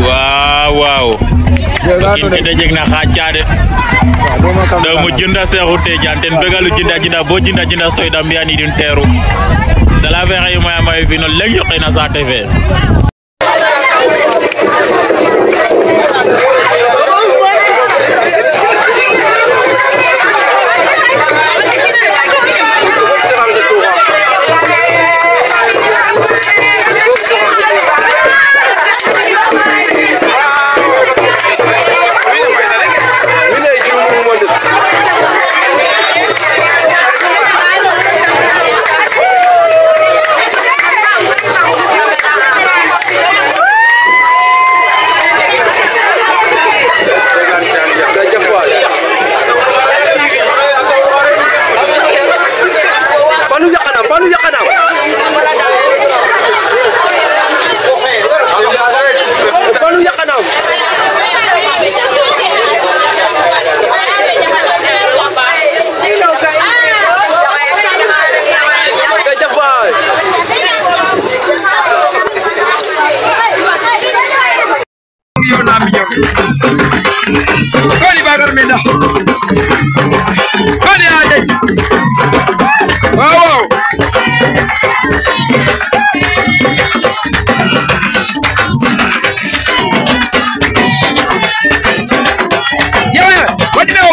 waaw waaw in ke de jeg na xa caare doomu jinda seexu Tijaan ten begalu jinda jinda bo jinda jinda soyda mbiyanidin teeru sala fe xey maya mayo fi no leŋ yoqe na saate fe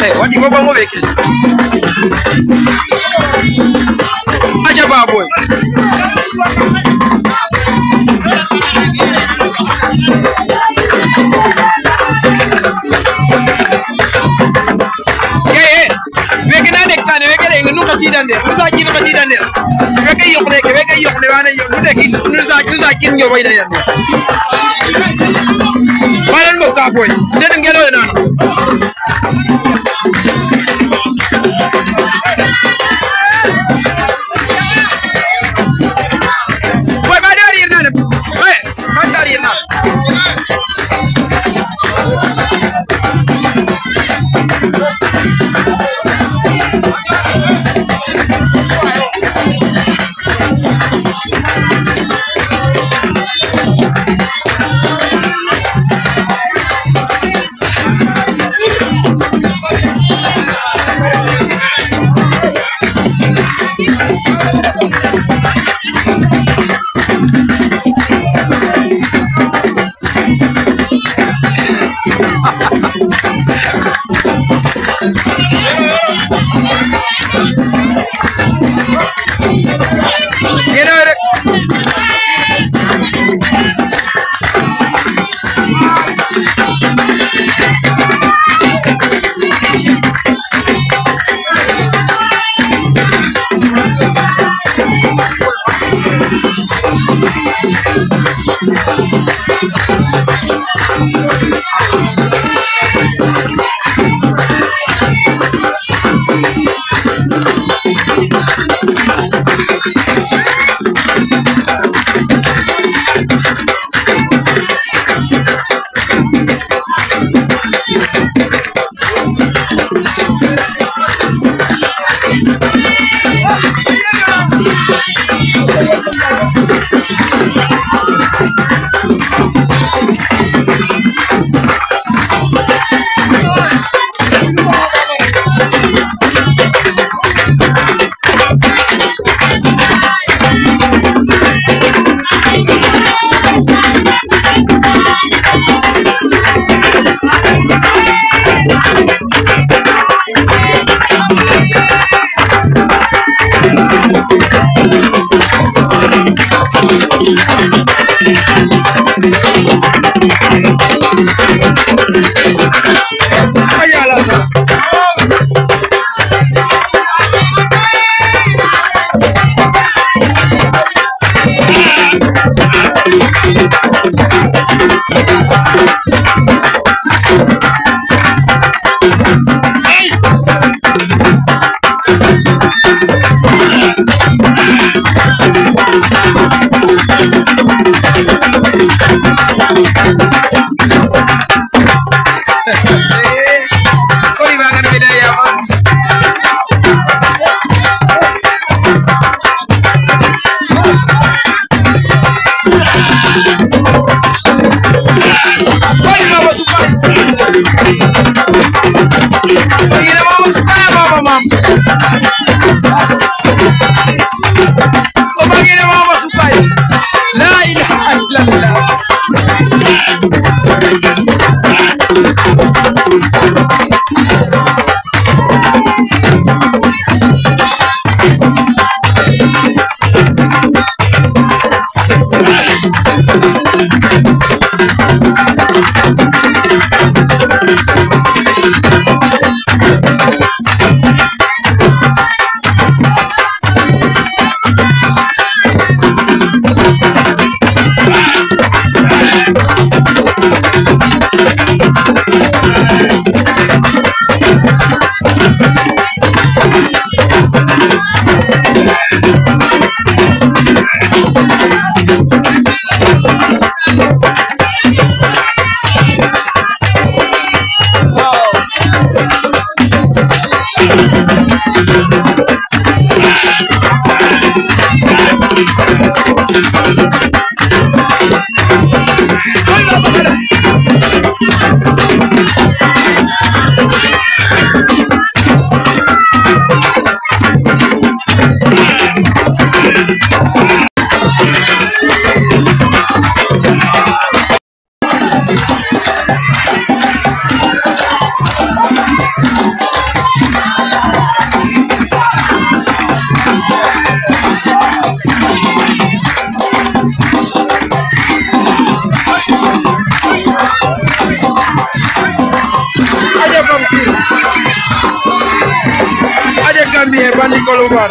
Eh, what you go it? can wajingoba ngove kesho acha babwe nukasidande nusakin nukasidande wege yokne ke wege yokne wane yo nude ki nusakin nusakin yo wayne yande balan bokka boy den ngelo nan bandiko lugar.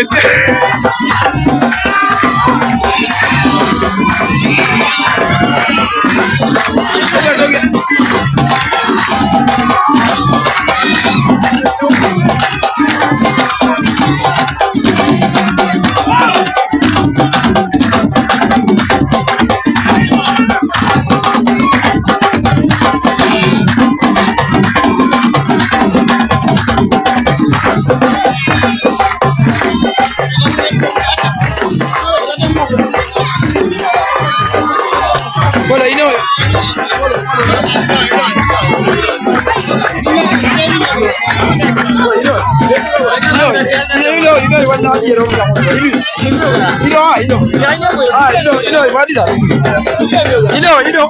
it. വല്ല ഇരോ ഇരോ ഇരോ ഇരോ ആ ഇരോ ഇരോ വാടിതാ ഇരോ ഇരോ ഇരോ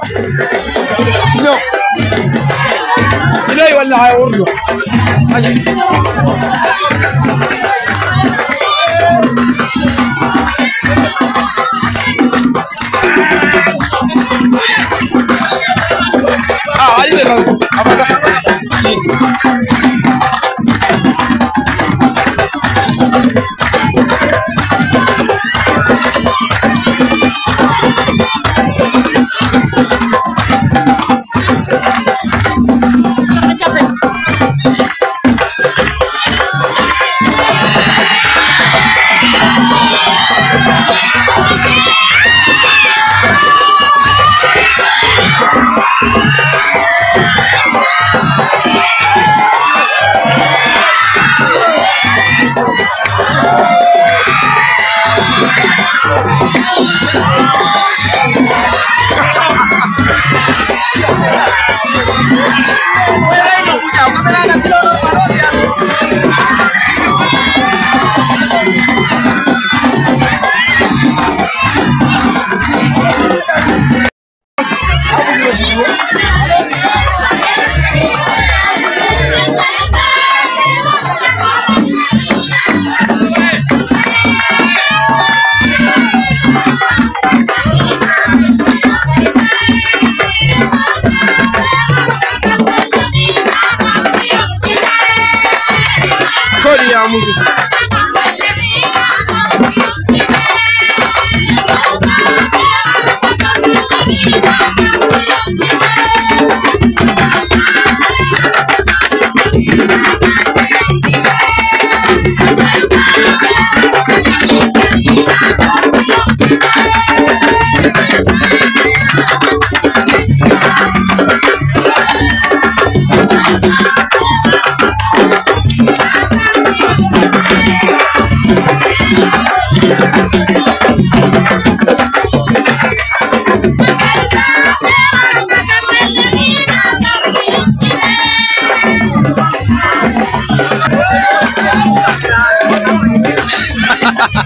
ഇരോ വല്ല ആ ഓർഡോ അതെ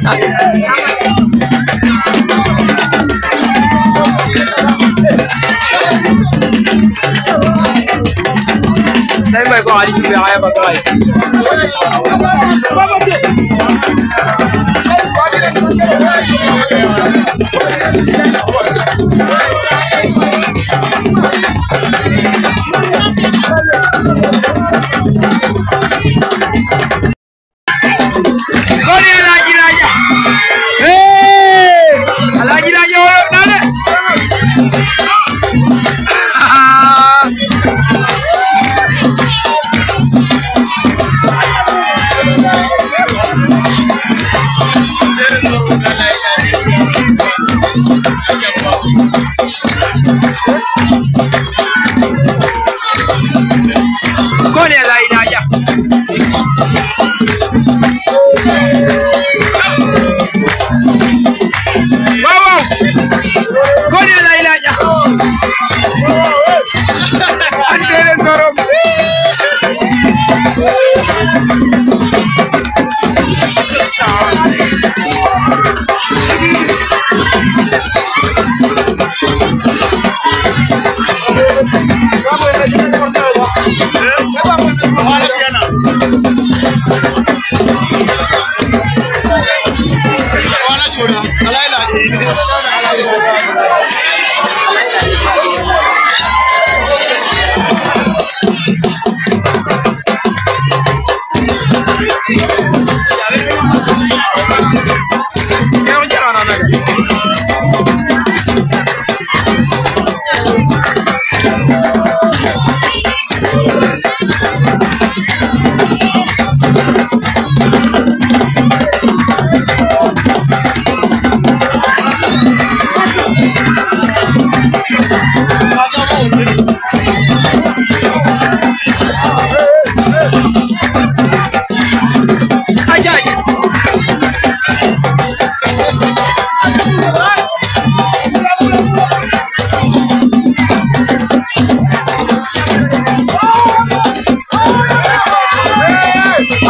Sai mai kwa hadisi mai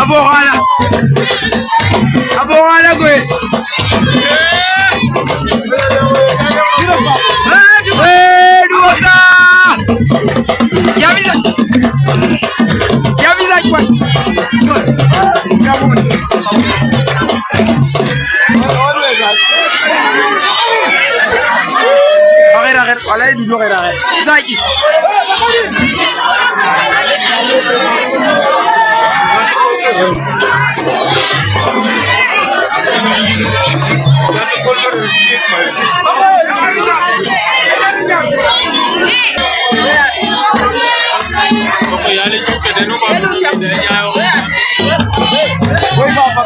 Vamos, tá olha!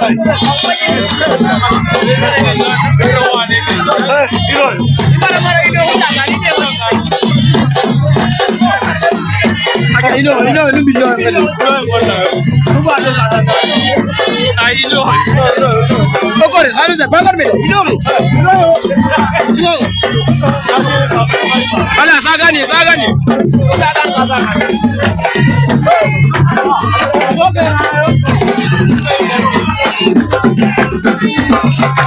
Ino, ino, ino bi yọ ẹgbẹ lọ. Tuba alo sa sa. Ayi ino. Okore, alo sa, bakor mi, ino mi. Ino. Ala saga ni, saga ni. Saga ni, saga ni. Thank you.